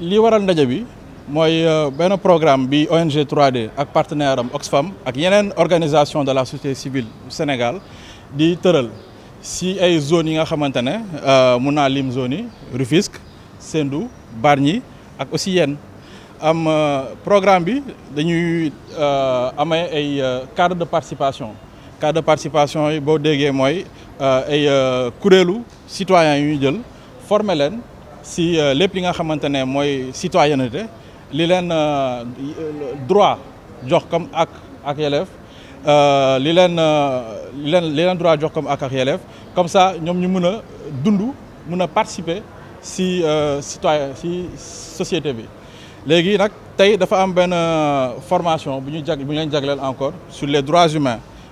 li waral ndaje bi que euh, un programme bi ONG 3D ak partenaire Oxfam ak yenen organisation de la société civile du Sénégal di tëral si ay zones yi nga xamante euh muna lim zone Rufisque Sendou Barni ak aussi yenn am euh, programme bi dañuy euh, amee ay cadre de participation cadre de participation yi boo déggee mooy ay kuréelu citoyens yu ñu jël former len si euh, les li nga xamante moi citoyenneté li euh, droit jox comme ak ak élève euh, li leen li droit jox comme ak ak comme ça nous ñu mën a dund participer si citoyen si société bi léegi nag tey dafa am benn formation bu ñu encore sur les droits humains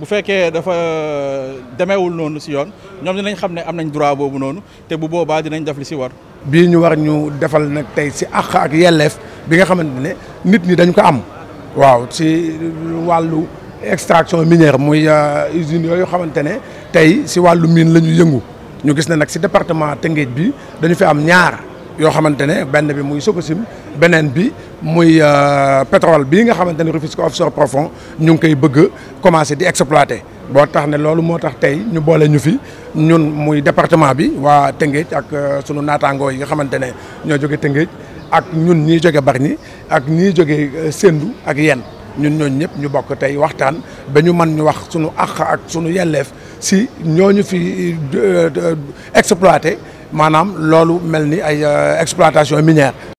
bu fekkee dafa euh, demeewul noonu si yoon ñoom dinañ xam ne am nañ droit boobu noonu te bu boobaa dinañ def li si war. bii ñu war ñu defal nag tey si àq ak yelleef bi nga xamante ne nit ñi dañ ko am waaw si wàllu extraction minière muy euh, usines yooyu xamante ne tey si wàllu mine la ñu yëngu ñu gis ne nag si département Tëngéej bi dañu fi am ñaar. yo xamantene benn bi muy beneen bi euh, pétrole bi nga offshore profond ñu koy bëgg commencé di exploiter. bo tax ne département bi waa ak euh, sunu naataangoo yi nga xamantene ñoo jóge ak ñun ñi ak euh, Sendou ak yenn ñun ñu waxtaan ñu wax sunu ak sunu si fi maanaam loolu mel ni ay euh, exploitation minière